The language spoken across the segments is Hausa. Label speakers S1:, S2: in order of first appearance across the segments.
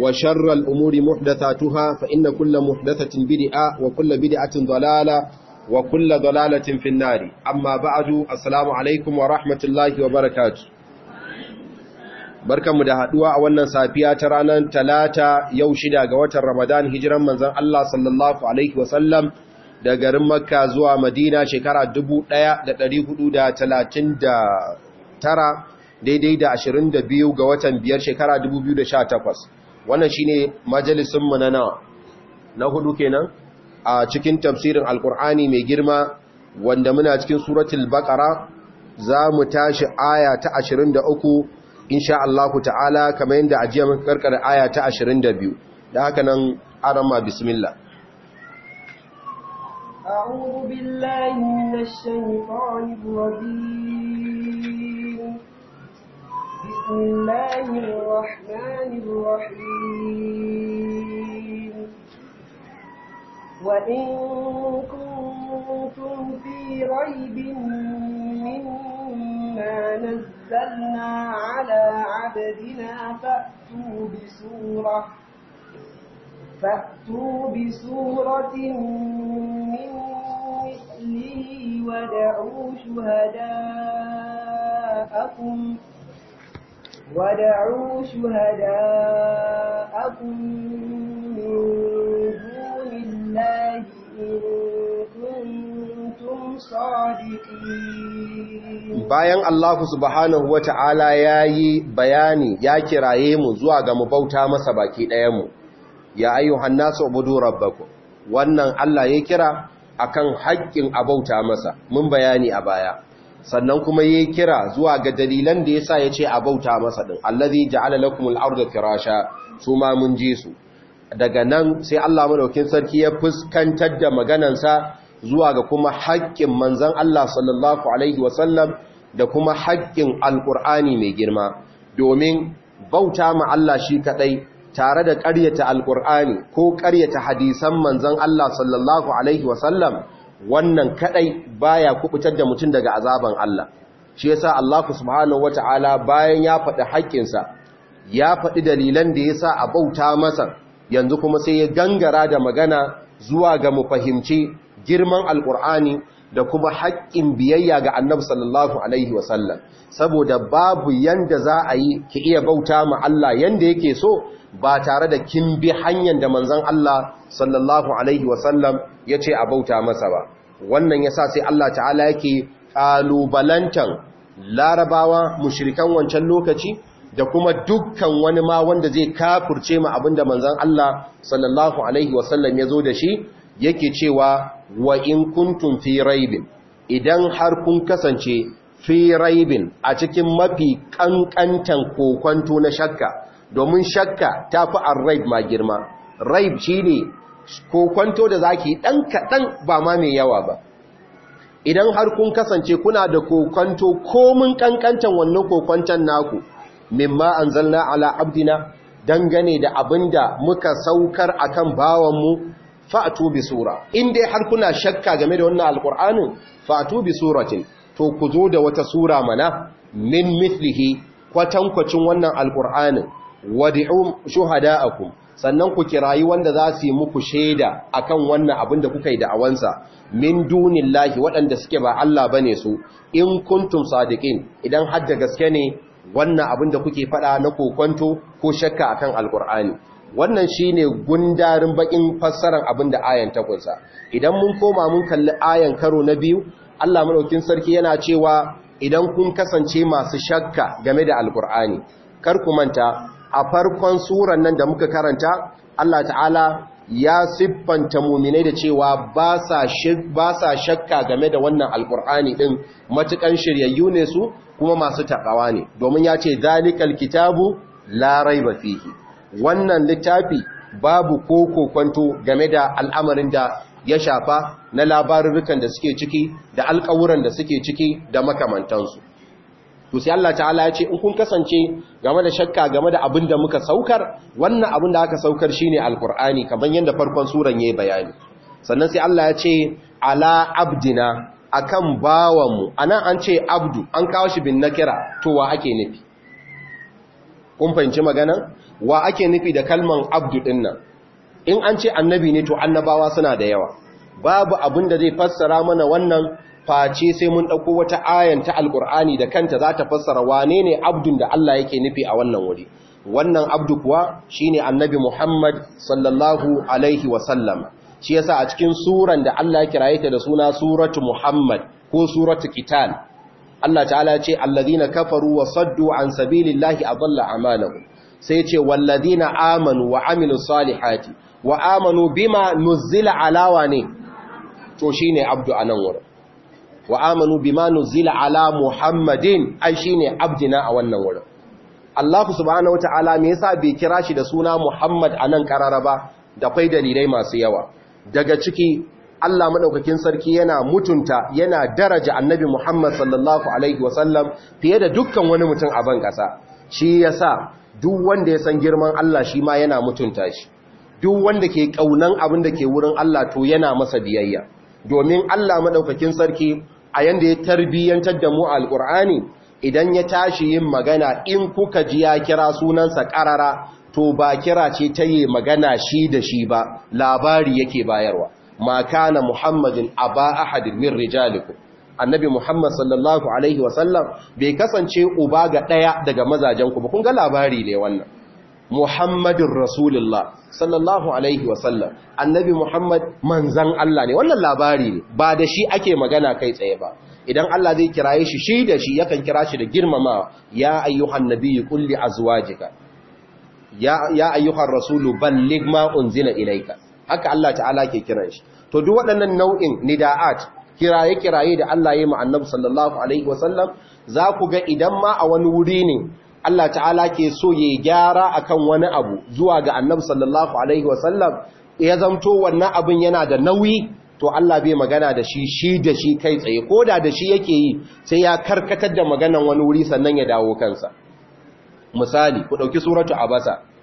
S1: wa sharral umuri muhdathatuha fa inna kulla muhdathatin bid'a wa kulla bid'atin dalala wa kulla dalalatin fin nar amma ba'du assalamu alaikum wa rahmatullahi wa barakatu. barakatuh mu da haɗuwa a wannan safiya ta ranar talata yau shida ga watan ramadan hijran manzon Allah sallallahu da garin makka zuwa madina shekara ɗaya 1439 daidai da 22 ga watan 5 shekara 2018 wannan shi ne mu na nawa na hudu kenan a cikin tafsirin alkur'ani mai girma wanda muna cikin suratul baqara za mu tashi aya ta 23 insha Allah ta'ala kamar yadda ajiya mun karkare aya ta 22 da haka nan arama bismillah
S2: بسم الله الرحمن الرحيم وإن كنتم في ريب مما نزلنا على عبدنا فأتوا بسورة فأتوا بسورة من مثله ودعوا شهداءكم ودعوا شهداءكم من دون الله إن كنتم صادقين bayan
S1: Allah subhanahu wa ta'ala ya yi bayani ya kiraye mu zuwa ga mu bauta masa baki ɗaya mu ya ayyuhan nasu ubudu rabbaku wannan Allah ya kira akan haƙƙin abauta masa mun bayani a baya sannan kuma yi kira zuwa ga dalilan da ya sa ya ce a bauta masa ɗin allazi ja'ala lakumul arda firasha su ma mun ji su daga nan sai Allah madaukin sarki ya fuskantar da maganansa zuwa ga kuma haƙƙin manzon Allah sallallahu alaihi wasallam da kuma haƙƙin alqur'ani mai girma domin bauta ma Allah shi kaɗai, tare da ƙaryata alƙur'ani ko ƙaryata hadisan manzon Allah sallallahu alaihi wasallam wannan kadai baya kubutar da mutum daga azaban Allah shi yasa Allah subhanahu wataala bayan ya faɗi haƙƙinsa ya faɗi dalilan da yasa a bauta masa yanzu kuma sai ya gangara da magana zuwa ga mu fahimci girman alkur'ani da kuma haƙƙin biyayya ga annabi sallallahu alaihi wasallam saboda babu yanda za a yi ki iya bauta ma Allah yanda yake so ba tare da kin bi hanyar da manzon Allah sallallahu alaihi wasallam ce a bauta masa ba wannan ya sa sai Allah ta'ala yake ƙalubalantan larabawa mushirikan wancan lokaci da kuma dukkan wani ma wanda zai kafurce ma abinda manzon Allah sallallahu alaihi wasallam ya zo da shi yake cewa wa in kuntum fi raibin idan har kun kasance fi raibin a cikin mafi kankantan kokwanto na shakka domin shakka ta fi raib ma girma raib shine kokwanto da zaki ɗan kaɗan ba ma mai yawa ba idan har kun kasance kuna da kokwanto komin kankantan wannan kokwantan naku mimma zalla ala abdina dangane da abin da muka saukar akan bawanmu fa'atu bi sura in dai har kuna shakka game da wannan alqur'anin fa'atu bi suratin to ku zo da wata sura mana min mithlihi kwatankwacin wannan alqur'anin wad'u shuhada'akum sannan ku kirayi wanda za su yi muku shaida akan wannan abin da kuka yi da'awansa min dunillahi waɗanda suke ba Allah bane su in kuntum sadiqin idan hadda gaske ne wannan abin da kuke faɗa na kokonto ko shakka akan alqur'ani wannan shi ne gundarin bakin fassarar abin da ayan ta kunsa idan mun koma mun kalli ayan karo na biyu Allah maɗaukin sarki yana cewa idan kun kasance masu shakka game da alkur'ani kar ku manta a farkon suran nan da muka karanta Allah ta'ala ya siffanta muminai da cewa ba sa shakka game da wannan alkur'ani ɗin matukan shiryayyu ne su kuma masu takawa ne domin ya ce zalikal kitabu la raiba fihi wannan littafi babu ko kokonto game da al'amarin da ya shafa na labarurrukan da suke ciki da alƙawuran da suke ciki da makamantansu to sai Allah ta'ala ya ce in kun kasance game da shakka game da abin da muka saukar wannan abin da aka saukar shine alqur'ani kamar yadda farkon suran yayi bayani sannan sai Allah ya ce ala abdina akan bawanmu anan an ce abdu an kawo shi bin nakira to wa ake nufi kun fahimci magana wa ake nufi da kalman abdu din nan in an ce annabi ne to annabawa suna da yawa babu abin da zai fassara mana wannan face sai mun ɗauko wata ayan ta alqur'ani da kanta za ta fassara wane ne abdun da Allah yake nufi a wannan wuri wannan abdu kuwa shine annabi Muhammad sallallahu alaihi wasallam shi yasa a cikin suran da Allah ya kiraye ta da suna suratu Muhammad ko suratu Kital. Allah ta'ala ce alladhina kafaru wa saddu an sabilillahi adalla amanahum sai ce walladhina amanu wa amilus salihati wa amanu bima nuzila alawa ne to shine abdu anan wurin wa amanu bima nuzila ala muhammadin ai shine abdina a wannan wurin Allah subhanahu wata'ala me yasa bai kira shi da suna Muhammad anan karara ba da kai dalilai masu yawa daga ciki Allah madaukakin sarki yana mutunta yana daraja annabi Muhammad sallallahu alaihi wasallam fiye da dukkan wani mutum a ban kasa shi yasa duk wanda ya san girman Allah shi ma yana mutunta shi duk wanda ke ƙaunan abin da ke wurin Allah to yana masa biyayya domin Allah madaukakin sarki a yanda ya tarbiyantar da mu alqur'ani idan ya tashi yin magana in kuka ji ya kira sunansa karara to ba kira ce ta yi magana shi da shi ba labari yake bayarwa ma kana muhammadin aba ahadin min rijalikum annabi muhammad sallallahu alaihi wasallam bai kasance uba ga daya daga mazajen ku ba kun ga labari ne wannan muhammadin rasulullah sallallahu alaihi wasallam annabi muhammad manzan Allah ne wannan labari ne ba da shi ake magana kai tsaye ba idan Allah zai kiraye shi shi da shi yakan kira shi da girmamawa ya ayyuhan nabiyyu qul li azwajika ya ayyuhan rasulu balligh ma unzila ilayka haka Allah ta'ala ke kiran shi to duk waɗannan nau'in nida'at kiraye-kiraye da Allah ya ma'annabi sallallahu alaihi wasallam za ku ga idan ma a wani wuri ne Allah ta'ala ke so ya gyara akan wani abu zuwa ga annabi sallallahu alaihi wasallam ya zamto wannan abin yana da nauyi to Allah bai magana da shi shi da shi kai tsaye ko da da shi yake yi sai ya karkatar da maganan wani wuri sannan ya dawo kansa misali ku ɗauki suratu abasa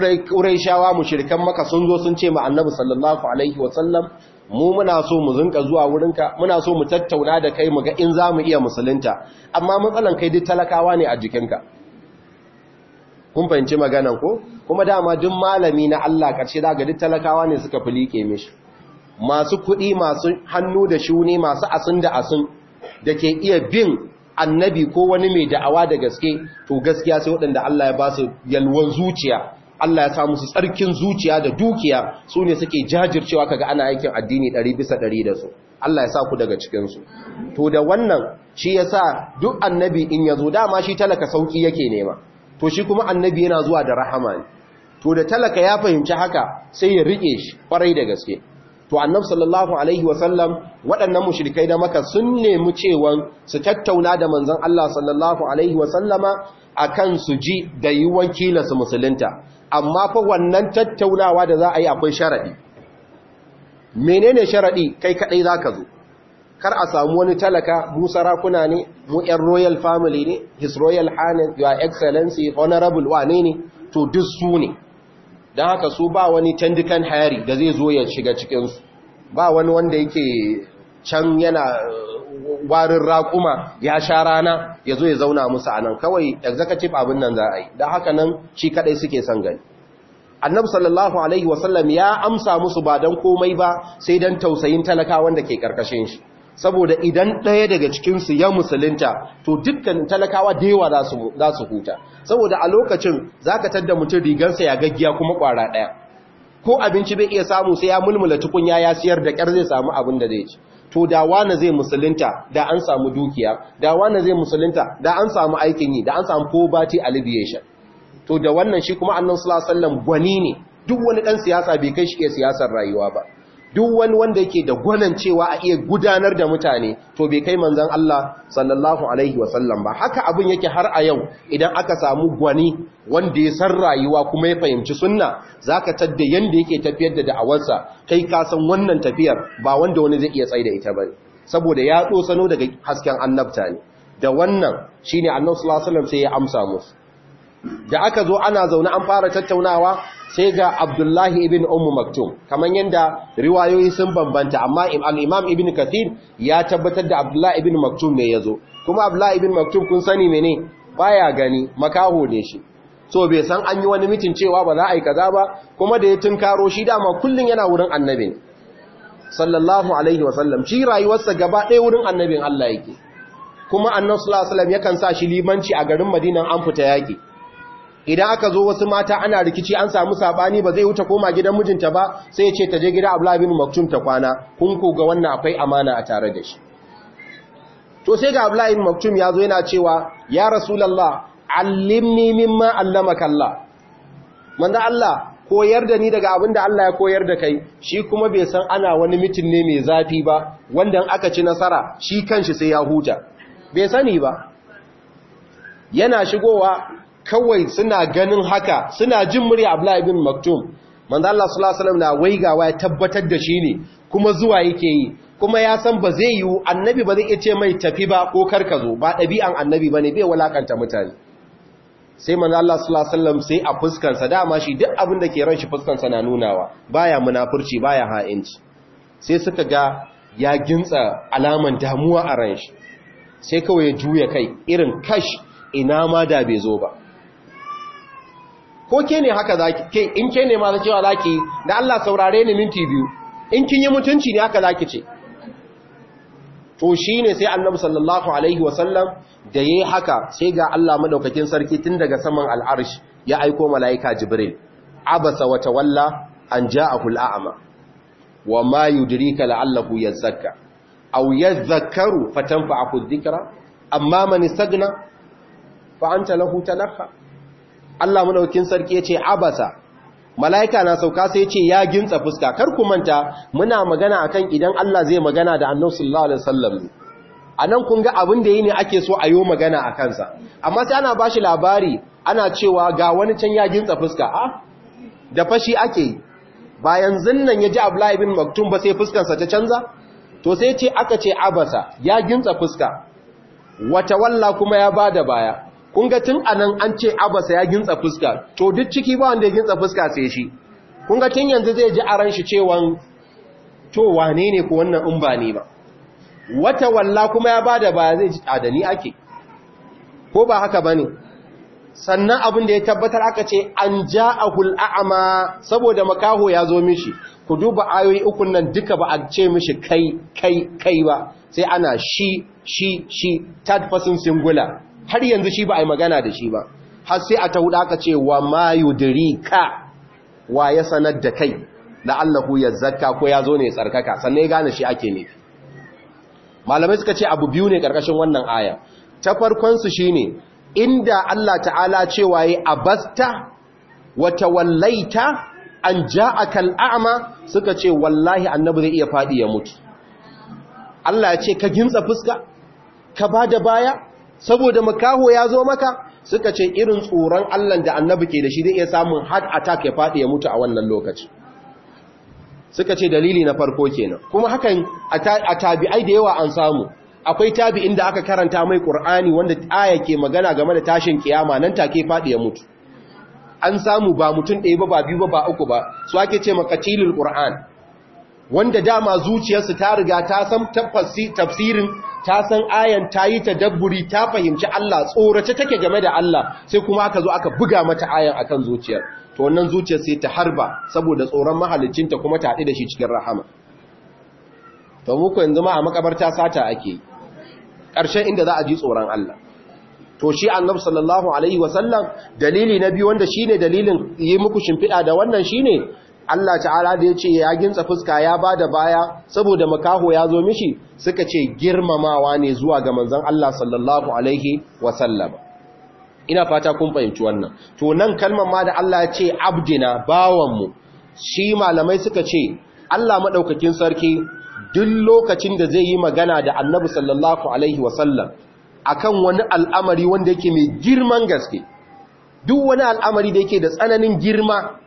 S1: ƙuraishawa mushirikan maka sun zo sun ce ma annabi sallallahu alaihi wasallam mu muna so mu zinka zuwa wurinka muna so mu tattauna da kai mu ga in za mu iya musulunta amma matsalan kai duk talakawa ne a jikinka kun fahimci maganan ko kuma dama duk malami na Allah karshe da ga duk talakawa ne suka filike mishi masu kuɗi masu hannu da shuni masu asin da asin da ke iya bin annabi ko wani mai da'awa da gaske to gaskiya sai waɗanda Allah ya ba su yalwan zuciya Allah ya sa musu tsarkin zuciya da dukiya su ne suke jajircewa kaga ana aikin addini 100 bisa 100 da su Allah ya sa ku daga cikinsu. su to da wannan shi yasa duk annabi in yazo dama shi talaka sauki yake nema to shi kuma annabi yana zuwa da rahama ne to da talaka ya fahimci haka sai ya rike shi kwarai da gaske to annabi sallallahu alaihi wasallam waɗannan mushrikai da maka sun nemi cewan su tattauna da manzon Allah sallallahu alaihi wasallama akan su ji da yi wakilan su musulunta amma fa wannan tattaunawa da za a yi akwai sharaɗi. menene sharaɗi kai kaɗai za ka zo kar a samu wani talaka mu sarakuna ne mu yan royal family ne his royal highness your excellency honorable wane ne to duk su ne don haka su ba wani tandikan hayari da zai zo ya shiga cikinsu ba wani wanda yake can yana uh, warin raƙuma ya sha rana ya zo ya zauna musu a nan kawai executive abin nan za a yi da haka nan shi kaɗai suke son gani annabi sallallahu alaihi wasallam ya amsa musu ba don komai ba sai don tausayin talaka wanda ke karkashin shi saboda idan ɗaya daga cikinsu ya musulunta to dukkan talakawa da yawa za su huta saboda a lokacin za ka tadda mutum rigansa ya gaggiya kuma ƙwara ɗaya ko abinci bai iya samu sai ya mulmula tukunya ya siyar da ƙyar zai samu abin da zai ci to da wane zai musulunta da an samu dukiya da wane zai musulunta da an samu aikin yi da an samu poverty alleviation to da wannan shi kuma annan sallallahu gwani ne duk wani ɗan siyasa bai kai shi ke siyasar rayuwa ba duk wani wanda yake da gwanan cewa a iya gudanar da mutane to bai kai manzon Allah sallallahu alaihi wasallam ba haka abin yake har a yau idan aka samu gwani wanda ya san rayuwa kuma ya fahimci sunna zaka tadda yanda yake tafiyar da da'awarsa kai ka san wannan tafiyar ba wanda wani zai iya da ita ba saboda ya sano daga hasken annabta ne da wannan shine annabi sallallahu alaihi wasallam sai ya amsa musu da aka zo ana zaune an fara tattaunawa sai ga abdullahi ibn ummu maktum kamar yadda riwayoyi sun bambanta amma al'imam ibn kathir ya tabbatar da abdullahi ibn maktum ne ya zo kuma abdullahi ibn maktum kun sani mene baya gani makaho ne shi so bai san an yi wani mitin cewa ba za a yi kaza ba kuma da ya tunkaro shi dama kullum yana wurin annabi sallallahu alaihi wasallam shi rayuwarsa gaba ɗaya wurin annabi Allah yake kuma annabi sallallahu alaihi wasallam yakan sa shi limanci a garin Madina an fita yaki idan aka zo wasu mata ana rikici an samu sabani ba zai wuce koma gidan mijinta ba sai ya ce ta je gida Abdullah bin Maktum ta kwana kun ku ga wannan akwai amana a tare da shi to sai ga abu bin Maktum ya zo yana cewa ya Rasulullah allimni mimma allamaka Allah manzo Allah koyar da ni daga abin da Allah ya koyar da kai shi kuma bai san ana wani mitin ne mai zafi ba wanda aka ci nasara shi kanshi sai ya huta bai sani ba yana shigowa kawai suna ganin haka suna jin murya abla ibn maktum manzo Allah sallallahu alaihi wasallam na waigawa ya tabbatar da shi ne kuma zuwa yake yi kuma ya san ba zai yi annabi ba zai iya ce mai tafi ba ko kar ka zo ba ɗabi'an annabi bane bai walakanta mutane sai manzo Allah sallallahu alaihi wasallam sai a fuskar sa dama shi duk abin da ke ran shi fuskar sa na nunawa baya munafurci baya ha'inci sai suka ga ya gintsa alaman damuwa a ran shi sai kawai ya juya kai irin kash ina ma da bai zo ba ko ke ne haka zaki ke in ke ne ma za cewa zaki da Allah saurare ni minti biyu in kin yi mutunci ne haka zaki ce to shine sai Annabi sallallahu alaihi wasallam da yayi haka sai ga Allah madaukakin sarki tun daga saman al'arsh ya aiko malaika Jibril abasa wa tawalla an ja'ahu al'ama wa ma yudrika la'allahu yazakka aw yadhakkaru fatanfa'ahu dhikra amma man istaghna fa anta lahu talakha Allah madaukin sarki yace abasa malaika na sauka sai yace ya gintsa fuska kar ku manta muna magana akan idan Allah zai magana da Annabi sallallahu alaihi wasallam anan kun ga abin da yini ake so a yi magana a kansa amma sai ana bashi labari ana cewa ga wani can ya gintsa fuska a ah, da fashi ake yi ba yanzu nan ya ji Abdullahi bin Maktum ba sai fuskarsa ta canza to sai ce aka ce abasa ya gintsa fuska wata walla kuma ya bada baya kun ga tun anan an ce abasa ya gintsa fuska to duk ciki ba wanda ya gintsa fuska sai shi kun ga tun yanzu zai ji aran shi cewan to wane ne ko wannan in ba ne ba wata walla kuma ya bada ba zai ji adani ake ko ba haka bane sannan abin da ya tabbatar aka ce an ja'ahul a'ama saboda makaho ya zo mishi ku duba ayoyi ukun nan duka ba a ce mishi kai kai kai ba sai ana shi shi shi third person singular har yanzu shi ba a yi magana da shi ba har sai a ta huda aka ce wa ma ka wa ya sanar da kai ya zarka ko ya zo ne tsarkaka sannan ya gane shi ake ne. malamai suka ce abu biyu ne karkashin wannan aya ta farkonsu shi ne. inda Allah ta'ala cewa yi abasta wata wallaita an ja a kal'ama, suka ce wallahi annabi zai iya faɗi ya mutu Allah ya ce ka gintsa fuska ka ba da baya saboda makaho ya zo maka suka ce irin tsoron Allah da annabi ke da shi zai iya samun heart attack ya faɗi ya mutu a wannan lokaci suka ce dalili na farko kenan kuma hakan a tabi'ai da yawa an samu akwai tabi'in da aka karanta mai Qur'ani wanda aya ke magana game da tashin kiyama nan take faɗi ya mutu an samu ba mutum ɗaya ba ba biyu ba ba uku ba su ake ce makatilul Qur'an wanda dama zuciyarsu ta riga ta san tafsirin ta san ayan ta yi ta dabburi ta fahimci Allah tsorace take game da Allah sai kuma aka zo aka buga mata ayan akan zuciyar to wannan zuciyar sai ta harba saboda tsoron mahalicinta kuma ta haɗu da shi cikin rahama to muku yanzu ma a makabarta sata ake ƙarshen inda za a ji tsoron Allah to shi annabi sallallahu alaihi wasallam dalili na biyu wanda shine dalilin yi muku shimfiɗa da wannan shine Allah ta'ala da ya ce ya gintsa fuska ya ba da baya saboda makaho ya zo mishi suka ce girmamawa ne zuwa ga manzan Allah sallallahu alaihi wasallama ina fata kun fahimci wannan to nan kalmar ma da Allah ya ce abdina bawanmu shi malamai suka ce Allah maɗaukakin sarki duk lokacin da zai yi magana da annabi sallallahu alaihi wasallam akan wani al'amari wanda yake mai girman gaske duk wani al'amari da yake da tsananin girma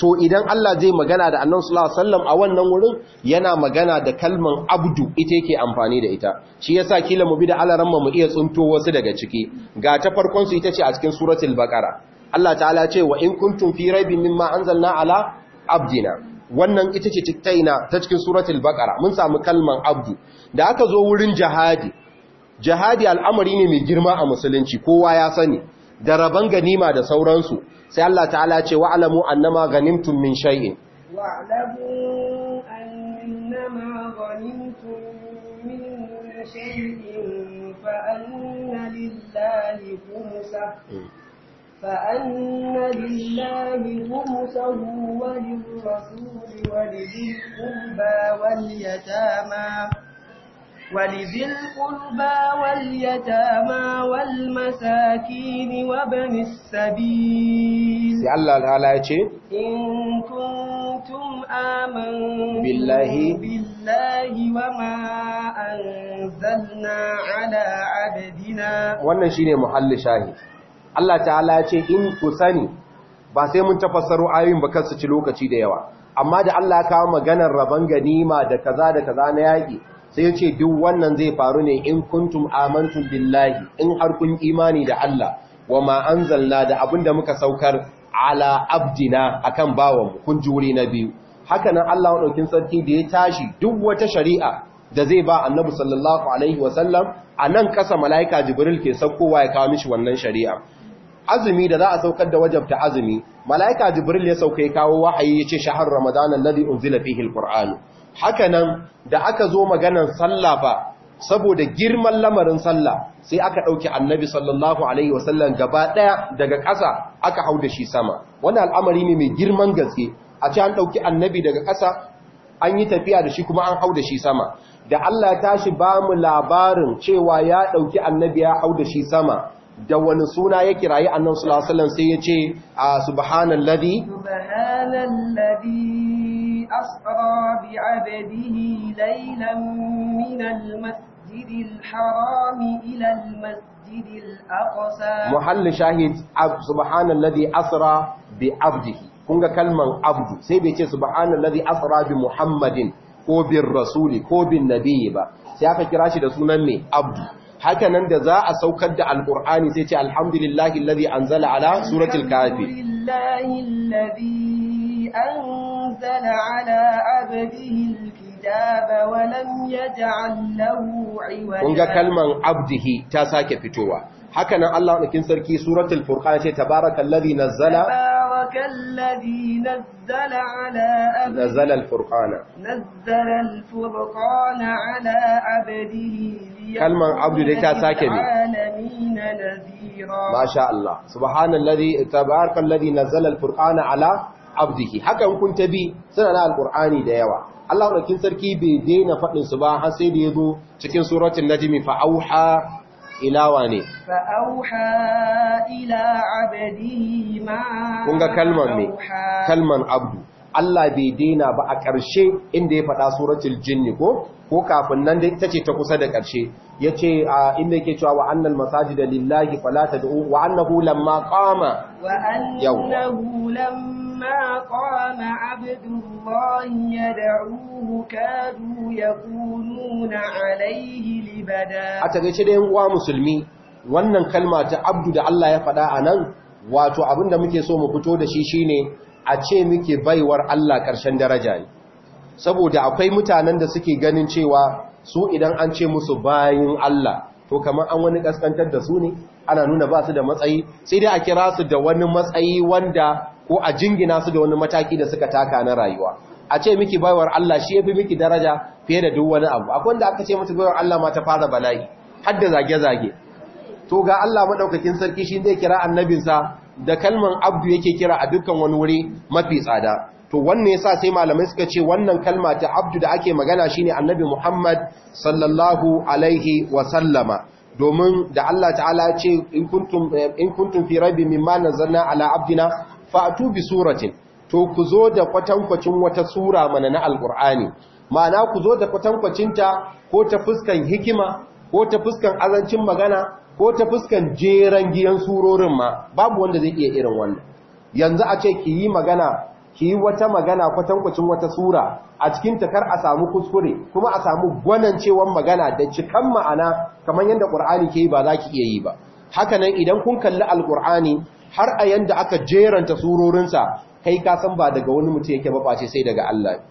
S1: to idan Allah zai magana da annan sallallahu Sallam a wannan wurin yana magana da kalman abdu ita yake amfani da ita shi yasa kila mu bi da alaran mu iya tsunto wasu daga ciki ga ta farkon su ita ce a cikin suratul baqara Allah ta'ala ce wa in kuntum fi raibin mimma anzalna ala abdina wannan ita ce ciktaina ta cikin suratul baqara mun samu kalman abdu da aka zo wurin jihadi jihadi al'amari ne mai girma a musulunci kowa ya sani da raban ganima da sauransu sai Allah ta'ala ce wa'lamu annama ganimtum min shay'in wa'lamu annama
S2: ganimtum min shay'in fa anna lillahi khumsa hmm. fa anna lillahi khumsahu wa lirrasuli wa lidhil qurba wal yatama ولذي القربى واليتامى والمساكين وابن السبيل
S1: سي الله تعالى يجي
S2: إن كنتم آمنتم بالله بالله وما أنزلنا على عبدنا
S1: wannan shine muhalli shahid Allah ta'ala ya ce in ku sani ba sai mun tafassaro ayoyin ba kansu ci lokaci da yawa amma da Allah ya kawo maganar raban ganima da kaza da kaza na yaki sai ya ce duk wannan zai faru ne in kuntum amantun billahi in har kun imani da Allah wa da anzalna da muka saukar ala abdina akan bawanmu kun juri na biyu haka nan Allah ɗaukin sarki da ya tashi duk wata shari'a da zai ba annabi sallallahu alaihi wasallam a nan kasa mala'ika jibril ke saukowa ya kawo mishi wannan shari'a azumi da za a saukar da wajabta azumi mala'ika jibril ya sauka ya kawo wahayi ya ce shahar ramadan alladhi unzila fihi alqur'anu hakanan da aka zo maganan sallah ba saboda girman lamarin sallah sai aka ɗauki annabi sallallahu alaihi wasallam gaba ɗaya daga ƙasa aka hau da shi sama wani al'amari ne mai girman gaske a ce an ɗauki annabi daga ƙasa an yi tafiya da shi kuma an hau da shi sama da Allah ya tashi ba mu labarin cewa ya ɗauki annabi ya hau da shi sama da wani suna ya kirayi annan sulasalan sai ya ce a subhanalladhi
S2: subhanalladhi أسرى بعبده ليلا من المسجد الحرام إلى المسجد الأقصى
S1: محل شاهد سبحان الذي أسرى بعبده kunga kalman abdu sai bai ce subhanallazi asra bi muhammadin ko bin rasuli ko bin nabiyyi ba sai aka kira shi da sunan mai abdu haka nan da za a saukar da alqur'ani sai ce alhamdulillahi allazi anzala ala suratul kafi
S2: alhamdulillahi allazi أنزل على عبده الكتاب ولم يجعل له عوجا kun ga kalman
S1: abdihi ta sake fitowa haka nan Allah ɗaukin sarki suratul furqan ce tabarakallazi nazzala
S2: tabarakallazi nazzala ala abdihi nazzala alfurqana nazzala alfurqana ala abdihi kalman abdu dai ta sake ne ma
S1: sha Allah subhanallazi tabarakallazi nazzala alfurqana ala abdihi haka kun ta bi suna na alkur'ani da yawa Allah madaukin sarki bai daina faɗin su ba har sai da ya zo cikin suratul najimi fa auha ila wane
S2: ila abdihi ma kun ga
S1: kalman me kalmar abdu Allah bai daina ba a ƙarshe inda ya faɗa suracin jinni ko ko kafin nan ita ce ta kusa da ƙarshe ce inda yake cewa wa annal da lillahi fala tad'u wa annahu lamma qama
S2: wa annahu lamma فلما قام عبد الله يدعوه كادوا يكونون عليه لبدا
S1: أتغيش دين هو مسلمي wannan kalma ta abdu da Allah ya faɗa a nan wato da muke so mu fito da shi shine a ce muke baiwar Allah ƙarshen daraja ne saboda akwai mutanen da suke ganin cewa su idan an ce musu bayin Allah to kamar an wani kaskantar da su ne ana nuna ba su da matsayi sai dai a kira su da wani matsayi wanda ko a jingina su da wani mataki da suka taka na rayuwa a ce miki baiwar Allah shi ya fi miki daraja fiye da duk wani abu akwai wanda aka ce mata baiwar Allah ma ta fara bala'i har da zage-zage to ga Allah madaukakin sarki shi zai kira annabinsa da kalman abdu yake kira a dukkan wani wuri mafi tsada to wannan yasa sai malamai suka ce wannan kalma ta abdu da ake magana shine annabi Muhammad sallallahu alaihi wa sallama domin da Allah ta'ala ya ce in kuntum eh, in kuntum fi rabbi mimma nazalna ala abdina fa'atu bi suratin to ku zo da kwatankwacin wata sura mana na alkur'ani ma'ana ku zo da kwatankwacinta ko ta fuskan hikima ko ta fuskan azancin magana ko ta fuskan jeran giyan surorin ma babu wanda zai iya irin wanda. yanzu a ce ki yi magana ki yi wata magana kwatankwacin wata sura a cikin takar a samu kuskure kuma a samu gwanancewan magana da cikan ma'ana kamar yadda ƙur'ani ke yi ba za ki iya yi ba haka nan idan kun kalli alƙur'ani har a yanda aka jeranta surorinsa kai ka san ba daga wani mutum yake ba face sai daga Allah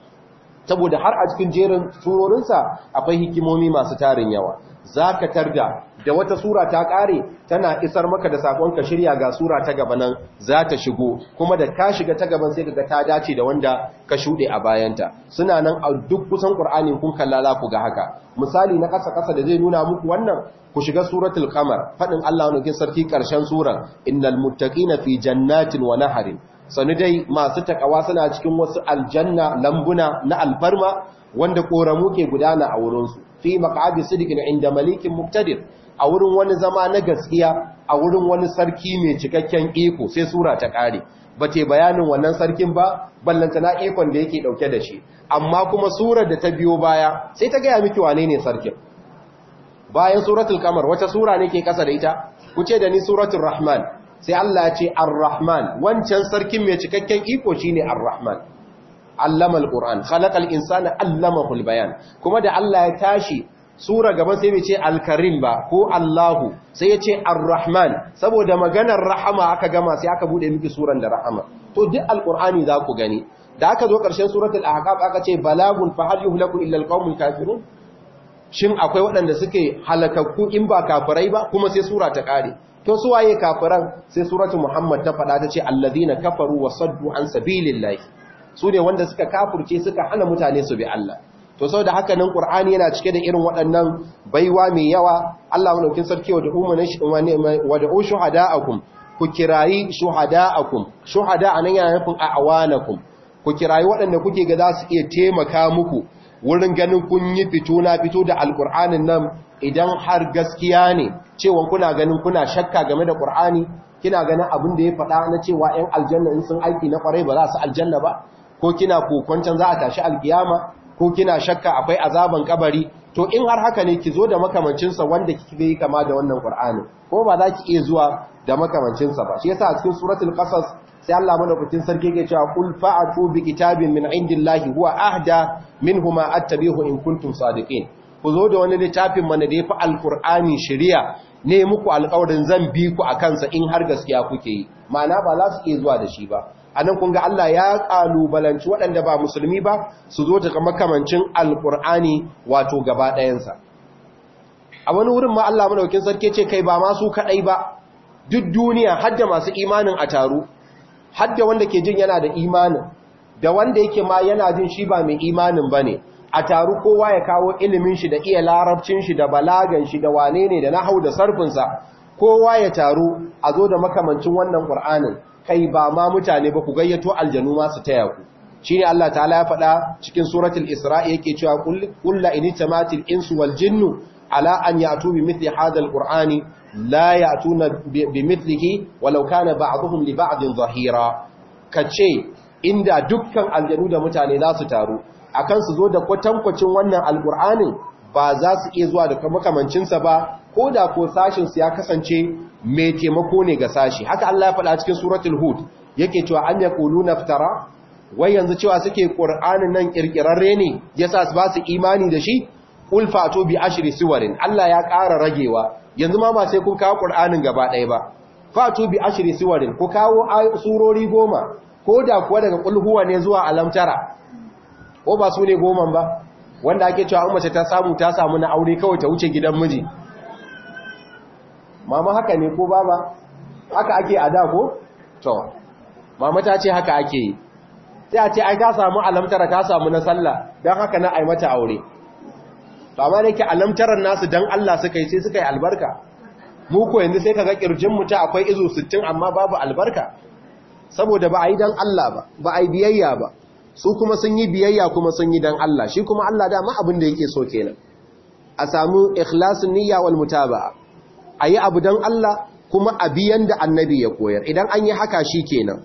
S1: saboda har a cikin jerin surorinsa akwai hikimomi masu tarin yawa zaka tarda da wata sura ta kare tana isar maka da sakon ka shirya ga sura ta gaba nan za ta shigo kuma da ka shiga ta gaban sai ka ta dace da wanda ka shude a bayanta suna nan a duk kusan Qur'ani kun kallala ku ga haka misali na kasa kasa da zai nuna muku wannan ku shiga suratul qamar fadin Allah ne sarki karshen suran innal muttaqina fi jannatin wa naharin sanu dai masu takawa suna cikin wasu aljanna lambuna na alfarma wanda koramu ke gudana a wurin su fi maqabi sidiqin inda malikin muqtadir a wurin wani zama na gaskiya a wurin wani sarki mai cikakken iko sai sura ta kare ba ce bayanin wannan sarkin ba ballanta na ikon da yake dauke da shi amma kuma surar da ta biyo baya sai ta gaya miki wane ne sarkin bayan suratul kamar wata sura ne ke kasa da ita ku ce da ni suratul rahman sai Allah ya ce ar-rahman wancan sarkin mai cikakken iko shine ar-rahman allama al-Qur'an khalaqal insana allamahu al-bayan kuma da Allah ya tashi sura gaban sai bai ce alkarim ba ko allahu sai ya ce arrahman saboda maganar rahama aka gama sai aka bude miki suran da rahama to duk alkur'ani za ku gani da aka zo ƙarshen suratul ahqaf aka ce balagun fa hal yuhlaku illa alqaumul kafirun shin akwai waɗanda suke halakakku in ba kafirai ba kuma sai sura ta kare to su waye kafiran sai suratul muhammad ta faɗa ta ce allazina kafaru wa saddu an sabilillahi su ne wanda suka kafurce suka hana mutane su bi Allah to da haka nan ƙur'ani yana cike da irin waɗannan baiwa mai yawa Allah ɗaukin sarki wa da'u hada a kum ku kirayi shuhada'akum shuhada anan yana nufin kum. ku kirayi waɗanda kuke ga za su iya taimaka muku wurin ganin kun yi fito na fito da alƙur'anin nan idan har gaskiya ne cewa kuna ganin kuna shakka game da ƙur'ani kina ganin abin da ya faɗa na cewa 'yan aljanna in sun aiki na ƙwarai ba za su aljanna ba ko kina can za a tashi alkiyama ko kina shakka akwai azaban kabari to in har haka ne ki zo da makamancinsa wanda kike yi kama da wannan Qur'ani ko ba za ki iya zuwa da makamancinsa ba shi yasa a cikin suratul qasas sai Allah madaukakin sarki yake cewa qul fa'atu bi kitabin min indillahi huwa ahda minhuma attabihu in kuntum sadiqin ku zo da wani littafin mana da yafi alqur'ani shari'a ne muku alƙawarin zan bi ku akan sa in har gaskiya kuke yi ma'ana ba za su iya zuwa da shi ba anan nan ga Allah ya kalubalanci waɗanda ba musulmi ba su zo ta makamancin alƙur'ani wato gaba ɗayansa a wani wurin ma Allah madaukin sarki ce kai ba masu kaɗai ba duk duniya hadda masu imanin a taru hadda wanda ke jin yana da imanin da wanda yake ma yana jin shi ba mai imanin ba ne a taru kowa ya kawo ilimin shi da iya larabcin shi da balagan shi da wane ne da hau da sarfinsa kowa ya taru a zo da makamancin wannan ƙur'anin kai ba ma mutane ba ku gayyato aljanu ma su taya ku shine Allah ta'ala ya faɗa cikin suratul isra'i yake cewa qul la in tamatil insu wal jinnu ala an ya'tu bi mithli hadha alqur'ani la ya'tuna bi mithlihi walau kana ba'dhum li ba'din zahira kace inda dukkan aljanu da mutane za su taru akan su zo da kwatankwacin wannan alqur'anin ba za su iya zuwa da makamancinsa ba ko da ko sashin su ya kasance mai taimako ne ga sashi haka Allah ya faɗa cikin suratul hud yake cewa an kulu naftara wai yanzu cewa suke qur'anin nan kirkirarre ne yasa su ba su imani da shi ul fatu bi ashri suwarin Allah ya ƙara ragewa yanzu ma ba sai kun kawo qur'anin gaba ɗaya ba fatu bi ashri suwarin ku kawo surori goma ko da kuwa daga qul ne zuwa alamtara ko ba su ne goman ba wanda ake cewa an ta samu ta samu na aure kawai ta wuce gidan miji mama haka ne ko baba haka ake a da ko to mama ta ce haka ake yi sai a ce ai ta samu alamtara ka samu na sallah don haka na ai mata aure to amma da yake alamtaran nasu don Allah suka yi sai suka yi albarka mu ko yanzu sai kaga kirjin mu ta akwai izo 60 amma babu albarka saboda ba a yi don Allah ba ba a yi biyayya ba su kuma sun yi biyayya kuma sun yi don Allah shi kuma Allah dama abin da yake so kenan a samu ikhlasun niyya wal mutaba'a a yi abu don Allah kuma a biyan da annabi ya koyar idan an yi haka shi kenan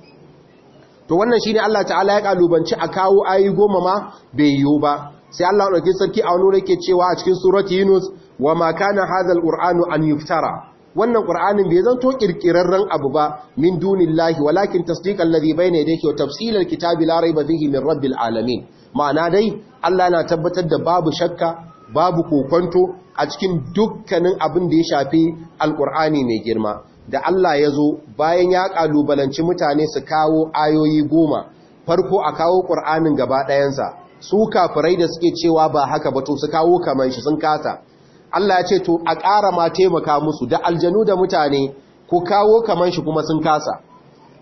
S1: to wannan shi ne Allah ta'ala ya kalubanci a kawo ayi goma ma bai yiwu ba sai Allah ɗauki sarki a wani yake cewa a cikin surati Yunus wa ma na hadhal ƙur'anu an yuftara wannan ƙur'anin bai zanto ƙirƙirarren abu ba min dunillahi walakin tasdiqal ne bayna yadayhi wa tafsilal kitabi la rayba fihi min rabbil alamin ma'ana dai Allah na tabbatar da babu shakka babu kokonto a cikin dukkanin abin da ya shafi alkur'ani mai girma da Allah ya zo bayan ya kalubalanci mutane su kawo ayoyi goma farko a kawo ƙur'anin gaba ɗayansa su kafirai da suke cewa ba haka ba to su kawo kamar shi sun kasa Allah ya ce to a ƙara ma taimaka musu da aljanu da mutane ko kawo kamar shi kuma sun kasa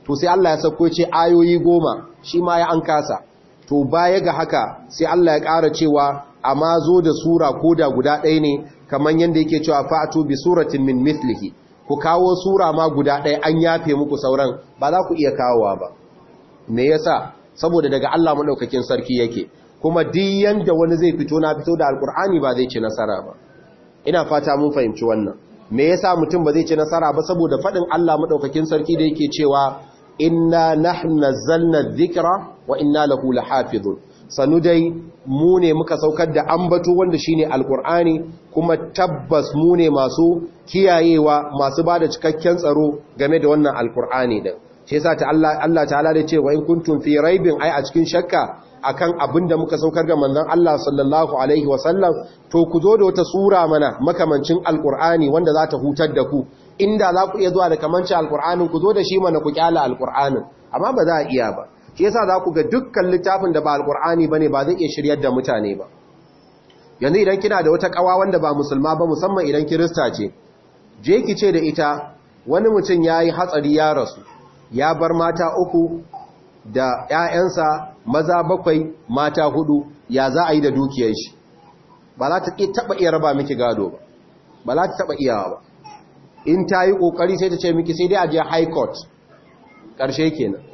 S1: to sai Allah ya sauko ce ayoyi goma shi ma ya an kasa to baya ga haka sai Allah ya ƙara cewa amma zo da sura ko da guda ɗaya ne kamar yadda yake cewa fa'atu bi suratin min mithlihi ku kawo sura ma guda ɗaya an yafe muku sauran ba za ku iya kawowa ba me yasa saboda daga Allah madaukakin sarki yake kuma duk yanda wani zai fito na fito da alkur'ani ba zai ci nasara ba ina fata mun fahimci wannan me yasa mutum ba zai ci nasara ba saboda fadin Allah madaukakin sarki da yake cewa inna nahnu nazzalna dhikra wa inna lahu lahafizun sanu dai mu ne muka saukar da ambato wanda shine alkur'ani kuma tabbas mu ne masu kiyayewa masu bada cikakken tsaro game da wannan alkur'ani din shi yasa ta Allah Allah ta'ala da ce wa in kuntum fi raibin ai a cikin shakka akan abin da muka saukar ga manzon Allah sallallahu alaihi wasallam to ku zo da wata sura mana makamancin alkur'ani wanda za ta hutar da ku inda za ku iya zuwa da kamancin alkur'anin ku zo da shi mana ku kyala alkur'anin amma ba za a iya ba shi yasa za ku ga dukkan littafin da ba alkur'ani ne ba zai iya shiryar da mutane ba yanzu idan kina da wata ƙawa wanda ba musulma ba musamman idan kirista ce je ki ce da ita wani mutum ya yi hatsari ya rasu ya bar mata uku da 'ya'yansa maza bakwai mata hudu ya za a yi da dukiyar shi ba za ta taɓa iya raba miki gado ba ba za ta taɓa iyawa ba in ta yi ƙoƙari sai ta ce miki sai dai a je high court ƙarshe kenan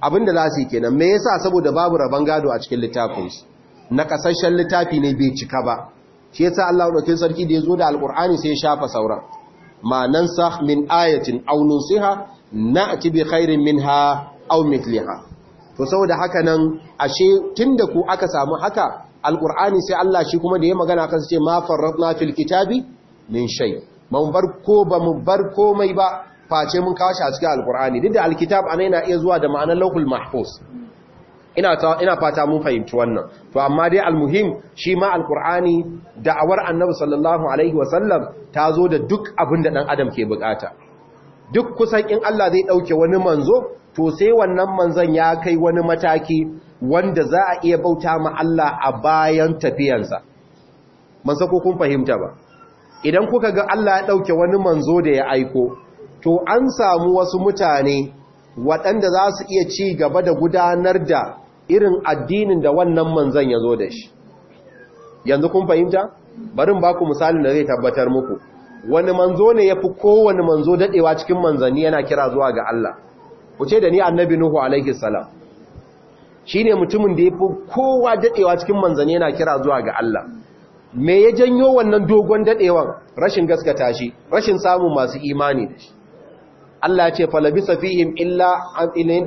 S1: abinda za su yi kenan me yasa saboda babu rabon gado a cikin littafinsu na kasashen littafi ne bai cika ba shi yasa Allah dauke sarki da yazo da alqur'ani sai ya shafa sauran ma nansakh min ayatin aw nusiha na'ti bi khairin minha aw mithliha to saboda haka nan ashe tunda ku aka samu haka alqur'ani sai Allah shi kuma da ya magana kan ce ma farratna fil kitabi min shay mun bar ko ba mu bar komai ba face mun kawo shi a cikin alkur'ani duk da alkitab ana yana iya zuwa da ma'anar lokul mahfuz ina fata mun fahimci wannan to amma dai almuhim shi ma alkur'ani da'awar annabi sallallahu alaihi wasallam ta zo da duk abin da dan adam ke bukata duk kusan in Allah zai dauke wani manzo to sai wannan manzon ya kai wani mataki wanda za a iya bauta ma Allah a bayan tafiyansa man sako kun fahimta ba idan kuka ga Allah ya dauke wani manzo da ya aiko to an samu wasu mutane waɗanda za su iya ci gaba da gudanar da irin addinin da wannan manzan ya zo da shi yanzu kun fahimta barin baku misalin da zai tabbatar muku wani manzo ne ya fi kowane manzo daɗewa cikin manzanni yana kira zuwa ga Allah ku ce da ni annabi nuhu alaihi salam shi ne mutumin da ya fi kowa daɗewa cikin manzanni yana kira zuwa ga Allah me ya janyo wannan dogon daɗewan rashin gaskata shi rashin samun masu imani da shi Allah ya ce falabisa fihim illa ilin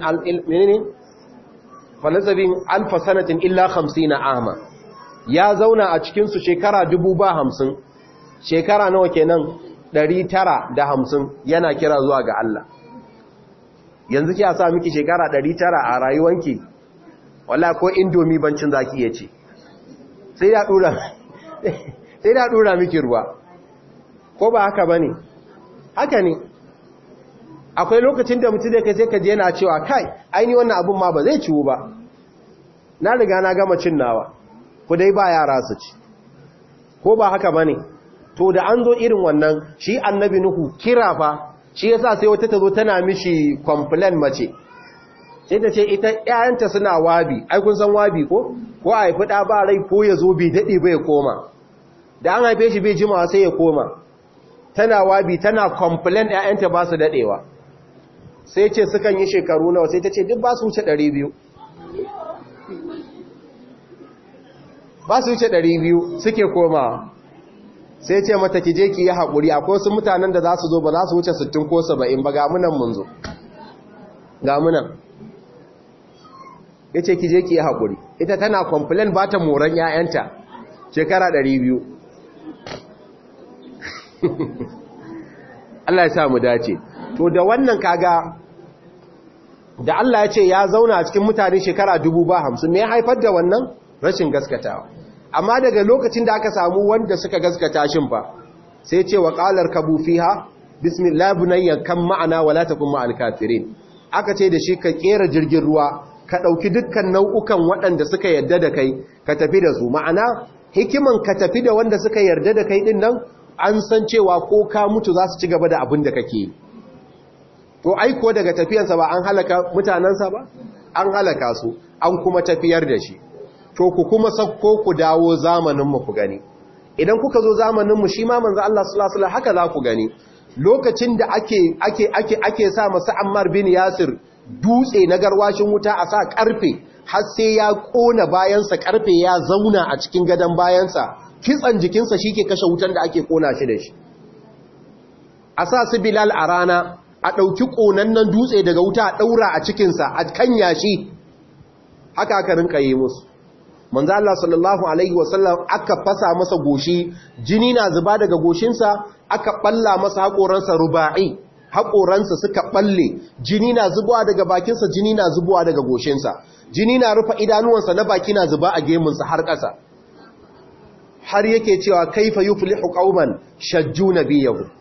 S1: menene falabisa fihim alf sanatin illa 50 ama ya zauna a cikin su shekara hamsin. shekara nawa kenan 950 yana kira zuwa ga Allah yanzu ki sa miki shekara 900 a rayuwanki walla ko indomi bancin zaki yace sai da dura sai da dura miki ruwa ko ba haka bane haka ne akwai lokacin da mutum zai kai sai ka je yana cewa kai aini wannan abin ma ba zai ciwu ba na riga na gama cin nawa ku dai ba yara su ci ko ba haka ba ne? to da an zo irin wannan shi annabi nuhu kira fa shi yasa sai wata ta zo tana mishi complain mace sai ta ce ita 'ya'yanta suna wabi ai kun san wabi ko ko a haifi da ba rai ko ya zo bi dade bai koma da an haife shi bai jimawa sai ya koma tana wabi tana complain 'ya'yanta ba su dadewa sai ce sukan yi shekaru nawa sai ta ce duk ba su wuce ɗari biyu ba su wuce ɗari biyu suke komawa sai ce mata ki je ki yi haƙuri akwai wasu mutanen da za su zo ba za su wuce sittin ko saba'in ba ga munan mun zo ga munan ya ce ki je ki yi haƙuri ita tana kwamfilan ba ta moran 'ya'yanta shekara ɗari biyu Allah ya sa mu dace to da wannan kaga da Allah ya ce ya zauna a cikin mutane shekara dubu ba hamsin me haifar da wannan rashin gaskatawa amma daga lokacin da aka samu wanda suka gaskata shin ba sai ce wa qalar kabu fiha bismillah bunayya kan ma'ana wala takun ma'al kafirin aka ce da shi ka kera jirgin ruwa ka ɗauki dukkan nau'ukan waɗanda suka yarda da kai ka tafi da su ma'ana hikiman ka tafi da wanda suka yarda da kai din nan an san cewa ko ka mutu za su ci gaba da abin da kake to aiko daga tafiyansa ba an halaka mutanensa ba an halaka su an kuma tafiyar da shi to ku kuma sakko ku dawo zamaninmu ku gani idan kuka zo zamaninmu shi ma manzo Allah sallallahu alaihi haka za ku gani lokacin da ake ake ake ake sa masa Ammar bin Yasir dutse na garwashin wuta a sa karfe har sai ya kona bayansa karfe ya zauna a cikin gadon bayansa kitsan jikinsa shike kashe wutan da ake kona shi da shi a sa su Bilal a rana a ɗauki ƙonannen dutse daga wuta a ɗaura a cikinsa a kan yashi haka aka rinka yi musu manzan Allah sallallahu alaihi wasallam aka fasa masa goshi jini na zuba daga goshinsa aka ɓalla masa haƙoransa ruba'i haƙoransa suka ɓalle. jini na zubuwa daga bakinsa jini na zubuwa daga goshinsa jini na rufa idanuwansa na baki na zuba a gemunsa har ƙasa har yake cewa kaifa yuflihu qauman shajju nabiyahu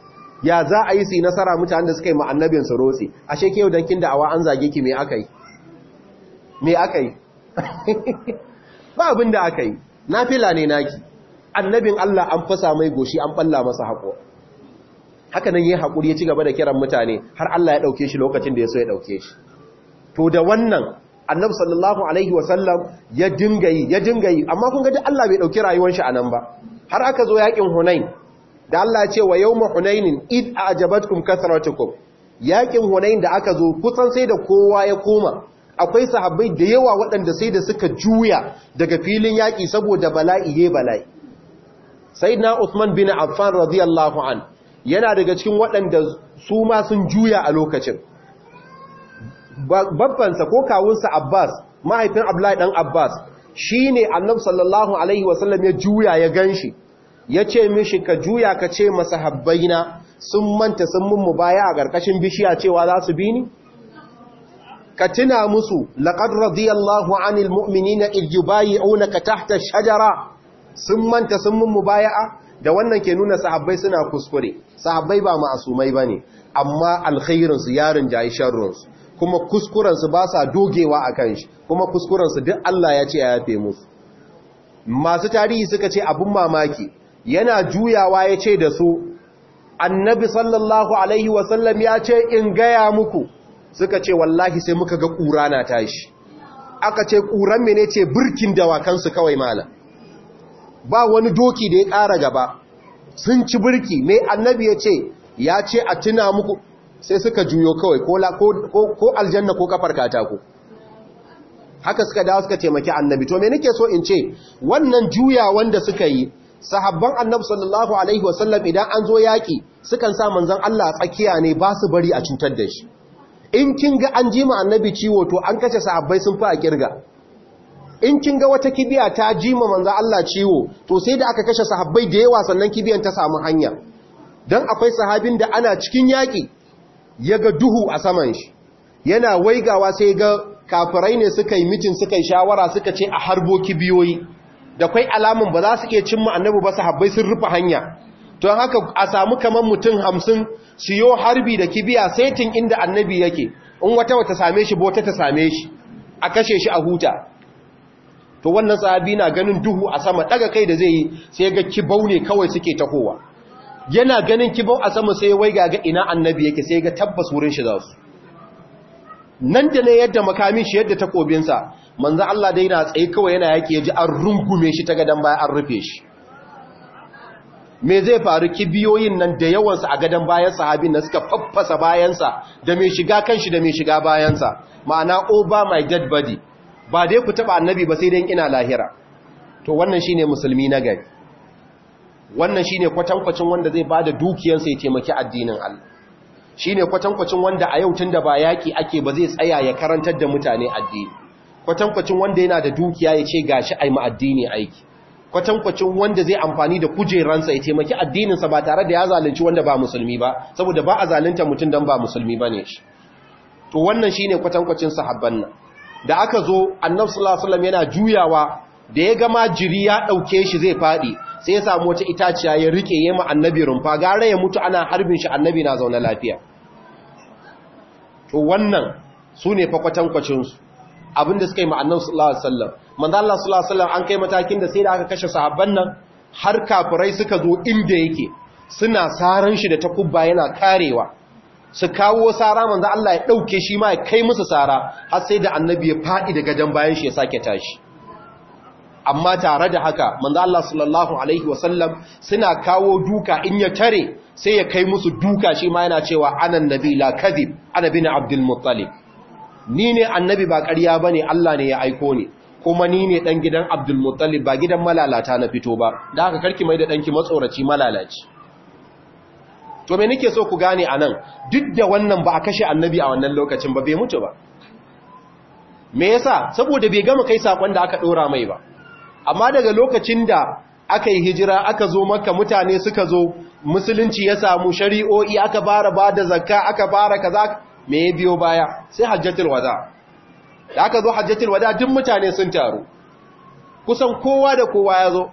S1: ya za a yi su nasara mutanen da suka yi ma'annabin su rotsi ashe ke yau don kin da'awa an zage ki me aka yi me aka yi ba abin da aka yi na fila ne naki annabin Allah an fasa mai goshi an balla masa haƙo haka nan yi haƙuri ya ci gaba da kiran mutane har Allah ya ɗauke shi lokacin da ya so ya ɗauke shi to da wannan annabi sallallahu alaihi wasallam ya dinga yi ya dinga yi amma kun ga duk Allah bai ɗauki rayuwar a nan ba har aka zo yaƙin hunain da Allah ce wa yau mahunainin id a'jabatkum kasratukum yakin hunain da aka zo kusan sai da kowa ya koma akwai sahabbai da yawa waɗanda sai da suka juya daga filin yaƙi saboda bala'i ye bala'i sayyidina Uthman bin Affan radiyallahu an yana daga cikin waɗanda su ma sun juya a lokacin babbansa ko kawunsa Abbas mahaifin Abdullahi dan Abbas shi ne Annabi sallallahu alaihi wasallam ya juya ya ganshi ya ce mishi ka juya ka ce masa na sun manta sun mummu baya a ƙarƙashin bishiya cewa za su bi ni? ka tuna musu laƙad radiyallahu anil mu'minina auna ka tahta shajara sun manta sun mummu baya a da wannan ke nuna sahabbai suna kuskure sahabbai ba ma'asumai ba ne amma alkhairinsu yarin yi sharrinsu kuma kuskurensu ba sa dogewa a kan shi kuma kuskurensu duk Allah ya ce ya yafe musu masu tarihi suka ce abin mamaki yana juyawa ya ce da su annabi sallallahu alaihi wasallam ya ce in gaya muku suka ce wallahi sai muka ga ƙura na tashi aka ce ƙuran mene ce birkin da dawakansu kawai mala ba wani doki da ya ƙara gaba sun ci birki mai annabi ya ce ya ce a tuna muku sai suka juyo kawai ko aljanna ko kafar katako haka suka dawo suka taimaki annabi to me nake so in ce wannan juya wanda suka yi sahabban annabi sallallahu alaihi wasallam idan an zo yaki sukan sa manzon Allah tsakiya ne ba su bari a cutar da shi in kin ga an jima annabi ciwo to an kashe sahabbai sun fi a kirga in kin ga wata kibiya ta jima manzon Allah ciwo to sai da aka kashe sahabbai da yawa sannan kibiyan ta samu hanya dan akwai sahabin da ana cikin yaki yaga duhu a saman shi yana waigawa sai ga kafirai ne suka yi mitin suka yi shawara suka ce a harbo kibiyoyi da kwai alamun ba za su iya cimma annabi ba su habbai sun rufe hanya don haka a samu kamar mutum hamsin siyo harbi da kibiya saitin inda annabi yake in wata wata same shi bota ta same shi a kashe shi a huta to wannan sahabi na ganin duhu a sama daga kai da zai yi sai ga kibau ne kawai suke tahowa yana ganin kibau a sama sai wai ga ina annabi yake sai ga tabbas wurin shi za su nan da ne yadda makamin shi yadda ta takobinsa manzo Allah dai na tsaye kawai yana yake ji an rungume shi ta gadan baya an rufe shi me zai faru kibiyoyin nan da yawansa a gadon bayan sahabin da suka faffasa bayansa da mai shiga kanshi da mai shiga bayansa ma'ana over oh, my dead body ba dai ku taba annabi ba sai dai ina lahira to wannan shine musulmi na gari wannan shine kwatankwacin wanda zai bada dukiyarsa ya taimaki addinin Allah Shi ne kwatankwacin wanda a yau tunda ba yaki ake ba zai tsaya ya karantar da mutane addini kwatankwacin wanda yana da dukiya ya ce ga shi a yi ma'addini aiki kwatankwacin wanda zai amfani da kujeransa ya taimaki addininsa ba tare da ya zalunci wanda ba musulmi ba saboda ba a zalunta mutum don ba musulmi ba ne shi to wannan shi ne kwatankwacin sahabban nan da aka zo annabi sallallahu yana juyawa da ya ga majiri ya ɗauke shi zai faɗi. sai ya samu wata itaciya ya rike ya ma annabi rumfa gara ya mutu ana harbin shi annabi na zaune lafiya to wannan su ne kwacinsu abinda suka yi ma'annan sallallahu alaihi wasallam manzo Allah sallallahu alaihi an kai matakin da sai da aka kashe sahabban nan har kafirai suka zo inda yake suna saran shi da ta kubba yana karewa su kawo sara manzo Allah ya ɗauke shi ma ya kai musu sara har sai da annabi ya faɗi daga dan bayan shi ya sake tashi amma tare da haka manzo Allah sallallahu alaihi wasallam suna kawo duka in ya tare sai ya kai musu duka shi ma yana cewa anan nabi la kadhib ana bin abdul muttalib ni ne annabi ba ƙarya bane Allah ne ya aiko ni kuma ni ne dan gidan abdul muttalib ba gidan malalata na fito ba da haka karki mai da danki matsoraci malalaci to me nake so ku gane anan duk da wannan ba a kashe annabi a wannan lokacin ba bai mutu ba me yasa saboda bai gama kai sakon da aka dora mai ba amma daga lokacin da aka yi hijira aka zo maka mutane suka zo musulunci ya samu shari'o'i aka fara ba da zakka aka fara kaza me ya biyo baya sai hajjatul wada da aka zo hajjatul wada duk mutane sun taru kusan kowa da kowa ya zo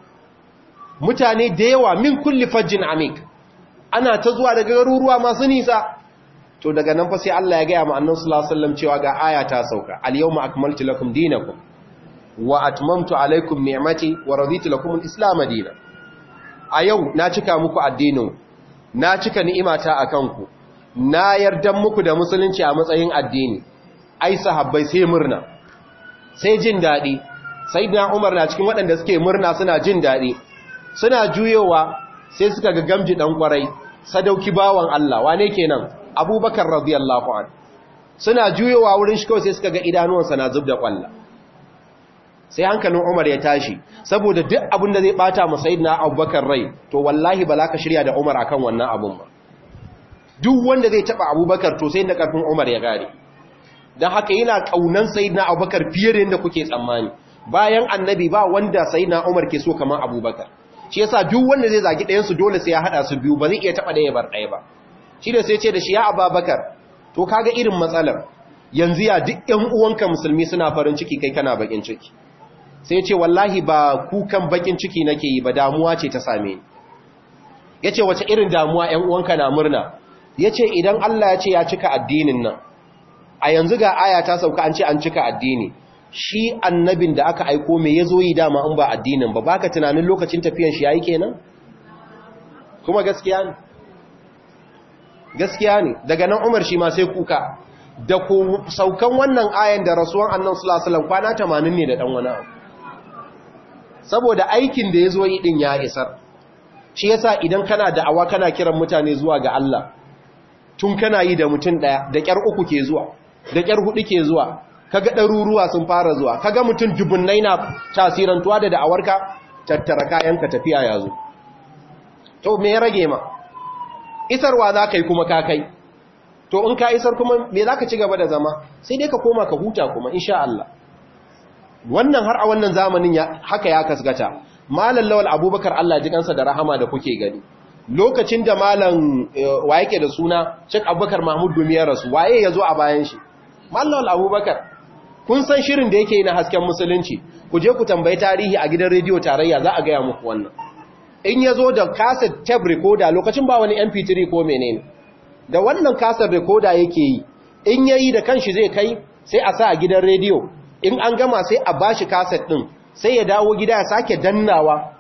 S1: mutane da yawa min kulli fajjin amik ana ta zuwa daga garuruwa masu nisa to daga nan fa sai Allah ya gaya mu annabi sallallahu alaihi wasallam cewa ga aya ta sauka al yawma akmaltu lakum dinakum wa atmamtu alaikum ni'mati wa raditu lakum al-islam dinan a yau na cika muku addinin na cika ni'imata akan ku na yarda muku da musulunci a matsayin addini ai sahabbai sai murna sai jin dadi sayyidina umar na cikin waɗanda suke murna suna jin dadi suna juyowa sai suka ga gamji dan kwarai sadauki bawan Allah wane kenan abubakar radiyallahu anhu, suna juyowa wurin shi kawai sai suka ga idanuwansa na zubda kwalla sai hankalin Umar ya tashi saboda duk abin da zai bata ma Sayyidina Abubakar rai to wallahi ba za ka shirya da Umar akan wannan abin ba duk wanda zai taba Abubakar to sai da karfin Umar ya gare Don haka yana kaunan sayidina Abubakar fiye da yadda kuke tsammani bayan annabi ba wanda sayidina Umar ke so kamar Abubakar shi yasa duk wanda zai zagi ɗayansu dole sai ya hada su biyu ba zai iya taba ɗaya bar ɗaya ba shi da sai ce da shi ya Abubakar to kaga irin matsalar yanzu ya duk ƴan uwanka musulmi suna farin ciki kai kana bakin ciki sai ce wallahi ba kukan bakin ciki nake yi ba damuwa ce ta same ni yace wace irin damuwa ɗan uwanka na murna yace idan Allah ya ce ya cika addinin nan a yanzu ga aya ta sauka an ce an cika addini shi annabin da aka aiko me yazo yi dama in ba addinin ba baka tunanin lokacin tafiyan shi yayi kenan kuma gaskiya ne gaskiya ne daga nan Umar shi ma sai kuka da ku saukan wannan ayan da rasuwan annan sallallahu alaihi wasallam kwana 80 ne da dan wani abu saboda aikin da ya zo yi ɗin ya isar shi yasa idan kana da'awa kana kiran mutane zuwa ga Allah tun kana yi da mutum ɗaya da ƙyar uku ke zuwa da ƙyar hudu ke zuwa kaga ɗaruruwa sun fara zuwa kaga mutum dubunnai na tasirantuwa da da'awarka tattara kayanka tafiya ya zo to me ya rage ma isarwa za ka yi kuma ka kai to in ka isar kuma me za ka ci gaba da zama sai dai ka koma ka huta kuma insha Allah wannan har a wannan zamanin haka ya kasgata malam lawal abubakar Allah ji kansa da rahama da kuke gani lokacin da malam eh, wa ke da suna Cik Abubakar Mahmud Dumiyar rasu waye zo a bayan shi malam lawal abubakar kun san shirin da yake yi na hasken musulunci ku je ku tambayi tarihi a gidan rediyo tarayya za a gaya muku wannan in ya zo da kaset tab recorder lokacin ba wani MP3 ko menene da wannan kasar recorder yake yi in ya yi da kanshi zai kai sai a sa a gidan rediyo in an gama sai a bashi kaset din sai ya dawo gida ya sake dannawa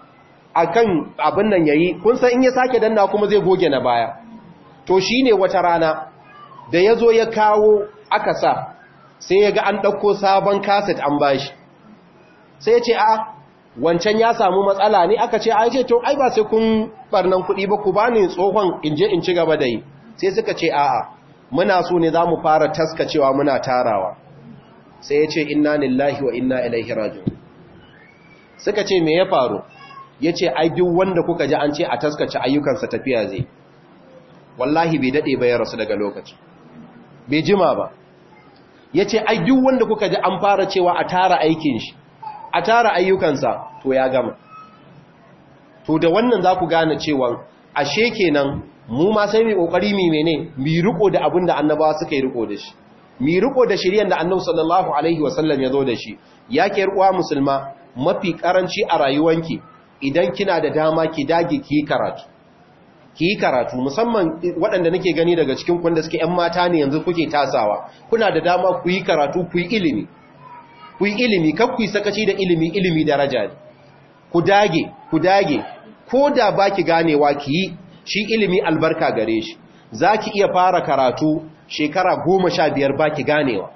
S1: akan abin nan yayi kun san in ya sake danna kuma zai goge na baya to shi ne wata rana da ya zo ya kawo aka sa sai ya ga an ɗauko sabon kaset an bashi sai ya ce a wancan ya samu matsala ne aka ce ai ce to ai ba sai kun barnan kuɗi ba ku bani tsohon in in ci gaba da yi sai suka ce a'a muna so ne za mu fara taskacewa muna tarawa sai ya ce inna lillahi wa inna ilaihi raji'un suka ce me ya faru ya ce ai duk wanda kuka ji an ce a taskace ayyukansa tafiya zai wallahi bai daɗe ya rasu daga lokaci bai jima ba ya ce ai duk wanda kuka ji an fara cewa a tara aikin shi a tara ayyukansa to ya gama to da wannan za ku gane cewa ashe kenan mu ma sai mai kokari mu mene mi riko da abin annabawa suka yi riko da shi mi riko da shiryan da annabi sallallahu alaihi wasallam ya zo da shi ke ruwa musulma mafi karanci a rayuwanki idan kina da dama ki dage ki karatu ki karatu musamman waɗanda nake gani daga cikin kun da suke ƴan mata ne yanzu kuke tasawa kuna da dama ku yi karatu ku yi ilimi ku yi ilimi kar ku yi sakaci da ilimi ilimi daraja ne ku dage ku dage ko da baki ganewa ki yi shi ilimi albarka gare shi za ki iya fara karatu shekara goma sha biyar ba ki ganewa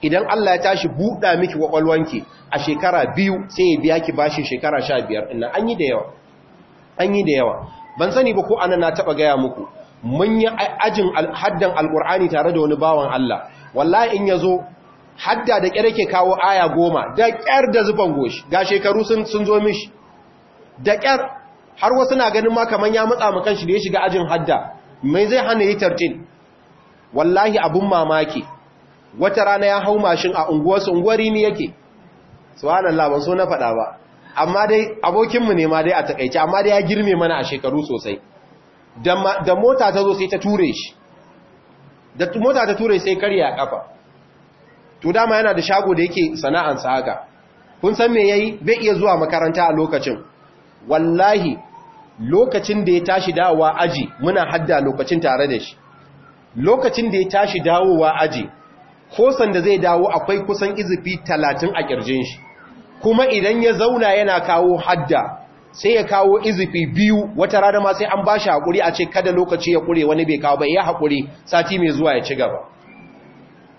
S1: idan Allah ya tashi buɗa miki waƙwalwanki a shekara biyu sai ya biya ki bashi shekara sha biyar ina an yi da yawa an yi da yawa ban sani ba ko ana na taɓa gaya muku mun yi ajin haddan alƙur'ani tare da wani bawan Allah wallahi in ya zo hadda da ƙyar ke kawo aya goma da ƙyar da zuban goshi ga shekaru sun zo mishi da ƙyar har wasu na ganin ma kaman ya matsa mu kanshi da ya shiga ajin hadda mai zai hana yi tartin wallahi abun mamaki wata rana ya hau mashin a unguwarsu unguwar ne yake subhanallah ban so na faɗa ba amma dai abokinmu ne ma dai a takaice amma dai ya girme mana a shekaru sosai da mota ta zo sai ta ture shi da mota ta ture sai karya a kafa to dama yana da shago da yake sana'ansa haka kun san me yayi bai iya zuwa makaranta a lokacin wallahi lokacin da ya tashi dawowa aji muna hadda lokacin tare da shi lokacin da ya tashi dawowa aji ko sanda zai dawo akwai kusan izifi talatin a ƙirjin shi kuma idan ya zauna yana kawo hadda sai ya kawo izifi biyu wata rana ma sai an ba shi haƙuri a ce kada lokaci ya ƙure wani bai kawo bai ya haƙuri sati mai zuwa ya ci gaba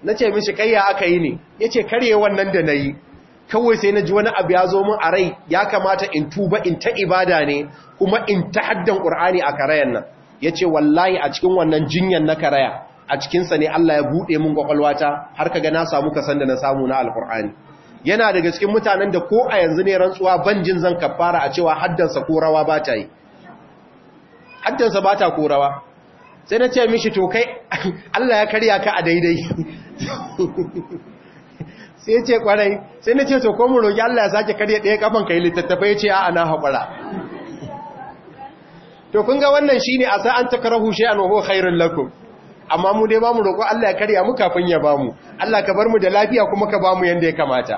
S1: na ce mishi kayya aka yi ne ya ce karye wannan da na yi kawai sai na ji wani abu ya zo min a rai ya kamata in tuba in ta ibada ne kuma in ta haddan ƙur'ani a karayan nan ya ce wallahi a cikin wannan jinyan na karaya a cikinsa ne Allah ya buɗe min ƙwaƙwalwata har ka ga na samu kasan da na samu na alƙur'ani yana daga cikin mutanen da ko a yanzu ne rantsuwa ban jin zan kafara a cewa haddansa ko rawa ba ta yi haddansa ba ta ko sai na ce mishi to kai Allah ya karya ka a daidai sai ya ce kwarai sai na ce to ko mu roƙi Allah ya sake karya ɗaya kafan kai littattafai ya ce a na haƙura to kun ga wannan shine a sa an takrahu shay'an wa huwa khairul lakum amma mu dai ba mu roƙo Allah ya karya mu kafin ya ba mu. Allah ka bar mu da lafiya kuma ka mu yanda ya kamata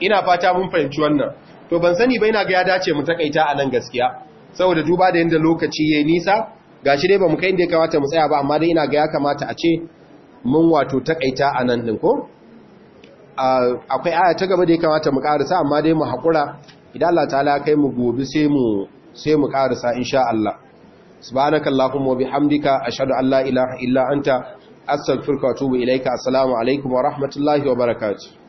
S1: ina fata mun fahimci wannan to ban sani ba ina ga ya dace mu takaita a nan gaskiya saboda duba da yanda lokaci yayi nisa gashi dai bamu kai inda ya kamata mu tsaya ba amma dai ina ga ya kamata a ce mun wato takaita a nan din ko akwai aya ta gaba da ya kamata mu karisa amma dai mu haƙura idan Allah ta'ala kai mu gobe sai mu sai mu karasa insha Allah subhanaka allahumma wa bihamdika ashhadu an la ilaha illa anta astaghfiruka wa atubu ilaika assalamu alaikum wa rahmatullahi wa barakatuh